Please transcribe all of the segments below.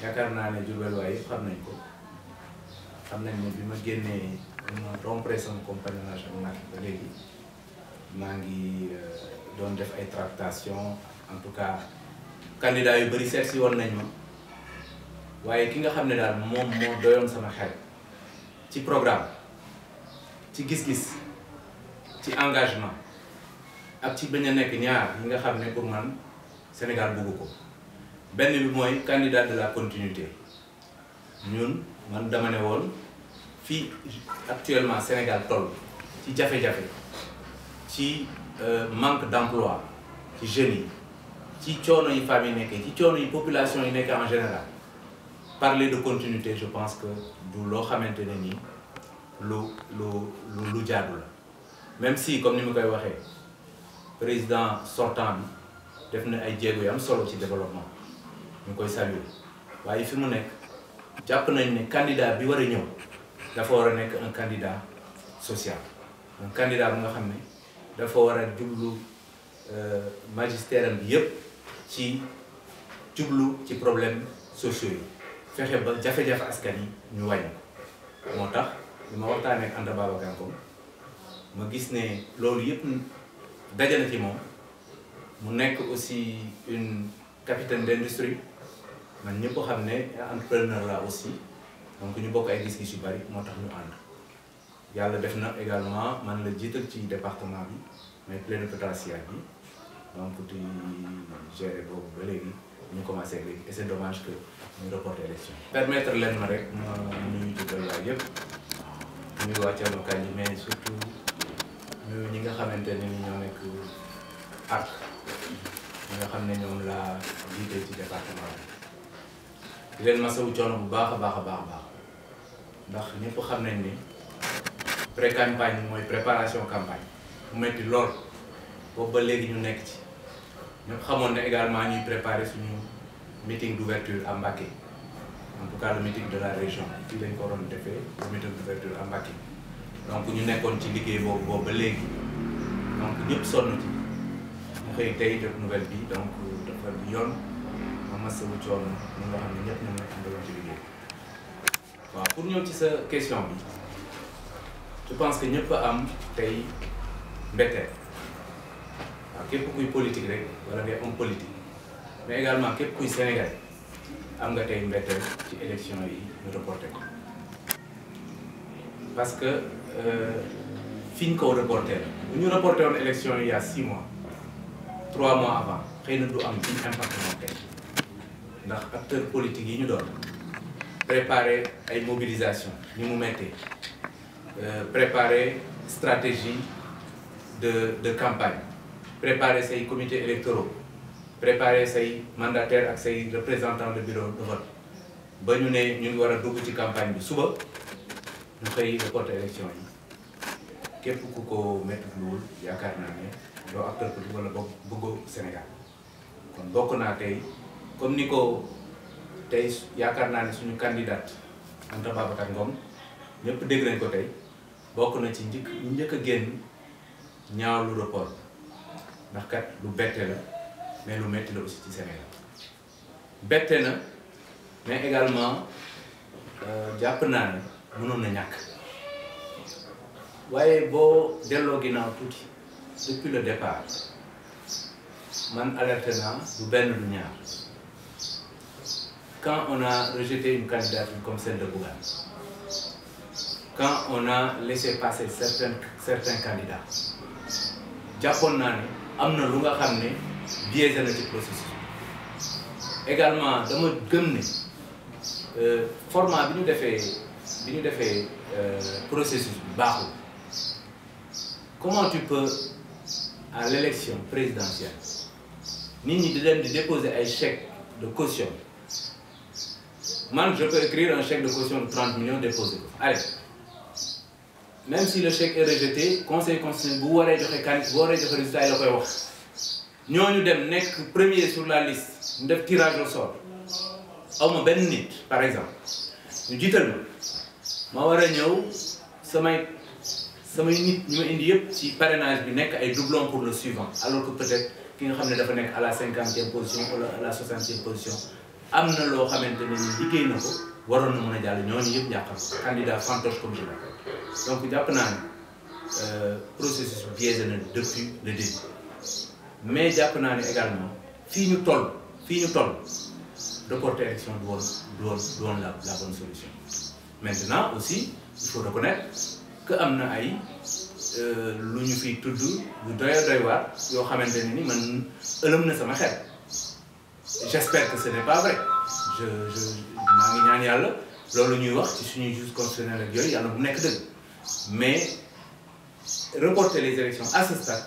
yaakaar naa ne Diourbel waaye yëpp xam nañ ko xam nañ ne bi ma génnee ma rompre sama compagnonnage ak Macky léegi maa ngi euh, doon def ay tractations en tout cas candidat yu bëri seet si woon nañ ma waaye ki nga xam ne daal moom moo doyoon sama xel ci programme ci gis-gis ci engagement ak ci bañ a nekk ñaar yi nga xam ne pour man Sénégal bëgg ko benn bi mooy candidat de la continuité ñun man dama ne woon fii actuellement Sénégal toll ci jafe-jafe ci euh, manque d'emploi ci jeunes yi ci coono yi femmes yi nekkee ci coono yi population yi nekkee en général parler de continuité je pense que du loo xamante ne nii lu lu lu lu jaadu la même si comme ni ma koy waxee président sortant bi def na ay jéego yu am solo ci développement ñu koy saluer waaye fi mu nekk jàpp nañ ne candidat bi war a ñëw dafa war a nekk un candidat social un candidat bu nga xam ne dafa war a jublu euh, magistère bi yépp ci jublu ci problème sociaux yi fexe ba jafe-jafe askan yi ñu wàññi moo tax li ma waxtaanee ak Anta ma gis ne loolu yépp daje na moom mu nekk aussi une capitaine d'industrie man ñëpp xam ne entrepreneur la aussi donc ñu bokk ay gis-gis yu bari moo tax ñu ànd yàlla def na également man la jiital ci département bi mais plénipotentiaire bi donc di gérer boobu ba léegi ñu commencé léegi et c'est dommage que ñu reporté élection permettre leen ma rek ma ñuy tuddal waay yëpp ñuy wàcceelu kañ yi surtout ñu ñi nga xamante ne ni ñoo nekk arc ñi nga xam ne ñoom laa jiite ci département bi di leen masawu coono bu baax baax a baax a baax ndax ko xam nañ ni pré campagne mooy préparation campagne mu metti lool boobu ba léegi ñu nekk ci ñu xamoon ne également ñuy préparer suñu meeting d'ouverture à Mbacké en tout de la région fii lañ ko waroon defee le meeting donc ñu nekkoon ci liggéey boobu boobu ba léegi donc ñëpp sonn ci mu xëy tey jot nouvelle bi donc dafa yoon. masawu coono ñi nga xam ne ñëpp ñoom ñoo àndaloon ci liggéey waaw pour ñëw ci sa question bi je pense que ñëpp am tey mbetteel waaw képp kuy politique rek wala ngay homme politique mais également képp kuy Sénégal am nga tey mbetteel ci élection yi ñu reporté ko parce que euh, fi ñu ko reporté la bu ñu reporté woon élection yi il y a six mois trois mois avant xëy na du am ci impact moom tey ndax acteurs politiques yi ñu doon préparer ay mobilisation ni mu mettee euh, préparer stratégie de de campagne préparer say comités électoraux préparer say mandataires ak say représentants de bureau de ba ñu ne ñu ngi war a dugg ci campagne bi suba ñu xëy reporter élection yi képp ku ko métti luwul yaakaar naa ne doo acteur politique wala bokk bëggoo Sénégal kon bokk naa tey comme ni ko tey yaakaar naa ne suñu candidat Anta Babacar Ngom ñëpp dégg nañ ko tey bokk na ci njëkk njëkk a génn ñaawlu report ndax kat lu bette la mais lu metti la aussi ci Sénégal bette na mais également euh, jàpp naa ne mënoon na ñàkk waaye boo delloo ginnaaw tuuti depuis le départ man alerté naa du benn du ñaar quand on a rejeté une candidature comme celle de Bougane, quand on a laissé passer certains, certains candidats, jàppoon naa ne am na lu nga xam ne biaisé na ci processus également dama gëm ne euh, format bi ñu defee bi ñu defee euh, processus bi baaxul comment tu peux à l'élection présidentielle nit ñi di leen di déposer ay chèques de caution man je peux écrire un chèque de caution de 30 millions déposé ko allez même si le chèque est rejeté conseil constitutionnel bu waree joxe kan bu waree joxe résultat yi la koy wax ñoo ñu dem nekk premier sur la liste ñu def tirage au sort aw benn nit par exemple ñu jiital ma ma war a ñëw samay samay nit ñu ma indi yëpp ci parrainage bi nekk ay doublons pour le suivant alors que peut ki nga xam ne dafa nekk à la cinquantième position wala à la soixantième position am na loo xamante ne ni liggéey na ko waroon na mun a jàll ñooñu yëpp jàppal ko candidat fantoche commune la donc jàpp naa ne euh, processus biaisé na depuis le début mais jàpp naa ne également fii ñu toll fii ñu toll reporter élection du woon du woon du woon la la bonne solution maintenant aussi il faut reconnaître que am na ay euh, lu ñu fi tudd lu doy doy waar yoo xamante ne ni man ëlëm na sama xet j'espère que ce n'est pas vrai maa ngi ñaan yàlla loolu ñuy wax ci suñuy juge constitutionnel ak yooyu yàlla bu nekk dëgg mais reporter les élections à ce stade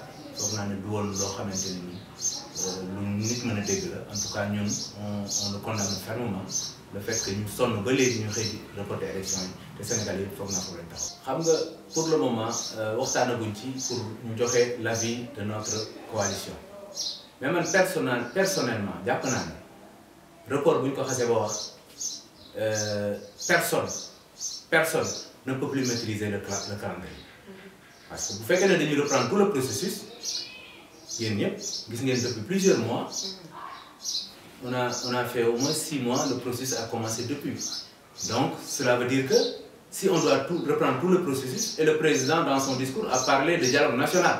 naa ne du woon loo xamante ne nii euh, lu nit mën dégg la en tout cas ñun on on le condamne fermement le fait que ñu sonn ba léegi ñu xëy di reporter élection yi te Sénégal yëpp foog naa ko leen taxaw. xam nga pour le moment euh, waxtaanaguñ ci pour ñu joxe l'avis de notre coalition. mais man personnel personnellement jàpp naa bu ñu ko xasee ba wax euh, personne personne ne peut plus maîtriser le le calendrier parce que bu fekkee ne dañuy reprendre tout le processus yéen ñëpp gis ngeen depuis plusieurs mois on a on a fait au moins six mois le processus a commencé depuis donc cela veut dire que si on doit reprendre tout le processus et le président dans son discours a parlé de dialogue national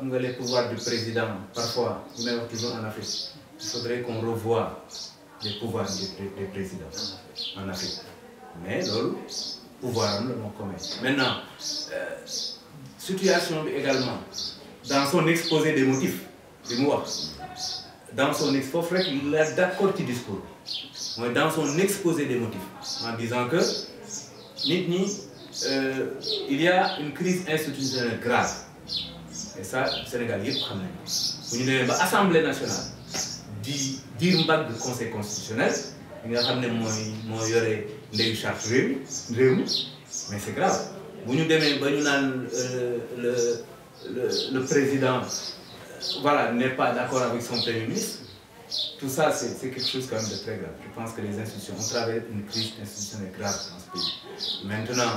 xam nga les pouvoirs du président parfois bu may wax toujours en Afrique il faudrait qu'on revoie les pouvoirs des, des, en Afrique mais loolu pouvoir am la moo maintenant euh, situation bi également dans son exposé des motifs bi mu wax dans son foofu rek la d'accord ci discours bi mooy exposé des motifs en disant que nit ñi euh, il y a une crise institutionnelle grave et ça Sénégal yëpp xam nañu bu ñu demee ba assemblée nationale di diir mbagg conseil constitutionnel bi nga xam ne mooy moo yore ndeyu charte réew mi réew mi mais c'est grave bu ñu demee ba ñu naan euh, le le le président euh, voilà n'est pas d'accord avec son premier ministre tout ça c'est c'est quelque chose quand même de très grave je pense que les institutions ont traversé une crise institutionnelle grave dans ce pays maintenant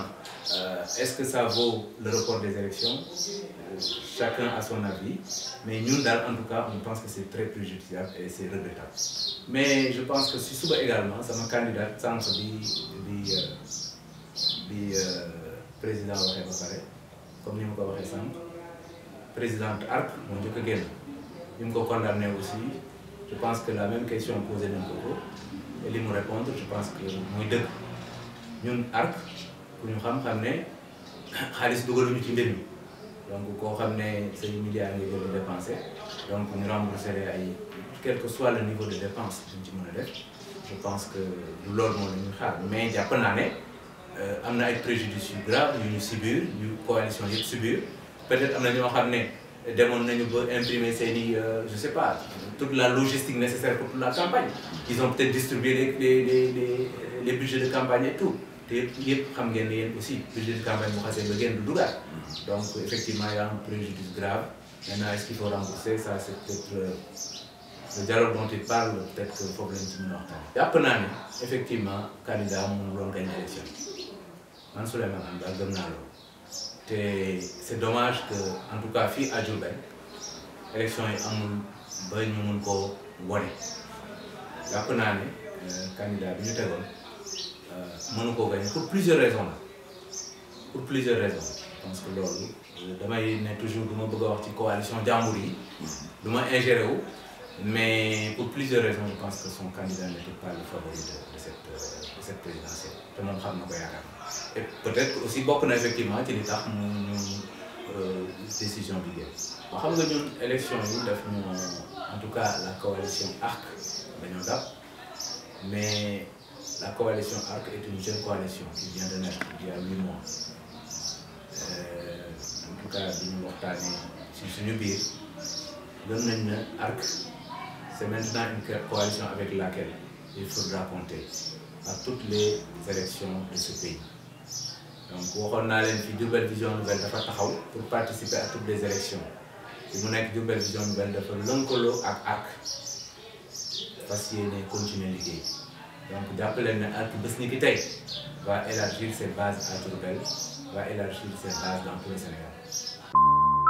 euh, est des élections chacun a son avis, mais nous, en tout cas, on pense que c'est très préjudiciable et c'est regrettable. Mais je pense que si Souba également, c'est mon candidat, sans le euh, euh, président comme nous l'avons dit, président ARC, mon Dieu que Nous avons condamné aussi. Je pense que la même question posée d'un propos, et lui me répondre, je pense que nous deux. Nous, ARC, pour nous savons que nous avons donc koo xam ne say milliards nga jël dépensé donc ñu remboursé ay quel que soit le niveau de dépense duñ ci mën a def je pense que loolu moo la ñuy xaar mais jàpp naa ne euh, am na ay préjudice yu grave yu ñu subir yu coalition yëpp subir peut-être am na ñoo xam ne demoon nañu ba imprimer seen i euh, je sais pas toute la logistique nécessaire pour toute la campagne ils ont peut-être distribué les les les les budgets de campagne et tout te yëpp yëpp xam ngeen ne yéen aussi budget de campagne bu xasee ba ngeen du dugaat donc effectivement y a un préjudice grave maintenant est-ce qu'il faut rembourser ça c'est peut-être euh, dont il parle peut-être que foofu a waxtaan jàpp naa ne effectivement candidat mënu loolu gañ élection man Souleymane Anda gëm naa loolu te c'est dommage que en tout cas fii à Diourbel élection yi amul ba ñu mun koo wone jàpp naa ne euh, candidat bi ñu tegoon mënu koo gagné pour plusieurs raisons la pour plusieurs raisons pense que loolu damay ne toujours du ma bëgg a wax ci coalition jàmbur yi du ma ingéré mais pour plusieurs raisons je pense que son candidat n'était pas le favori de de cette euh, présidentielle te moom xam na ko yaakaar et peut-être aussi bokk na effectivement ci li tax mu euh, décision bi jël ba xam nga ñun élection yi daf ñu en tout cas la coalition ARC dañoo dab mais La coalition ARC est une jeune coalition qui vient de naître il y a huit mois. Euh, tout cas bi ñu waxtaanee ci suñu biir gëm nañ ne ARC c'est maintenant une coalition avec laquelle il faudra compter à toutes les élections de ce pays. donc waxoon naa leen fi Diourbel Vision Nouvelle dafa taxaw pour participer à toutes les élections fi mu nekk Diourbel Vision Nouvelle dafa lënkaloo ak ARC fas yéene continuer liggéey. donc jàppaleen ne ak bés ni ki tey va élargir ses bases à Diourbel va élargir ses bases dans tout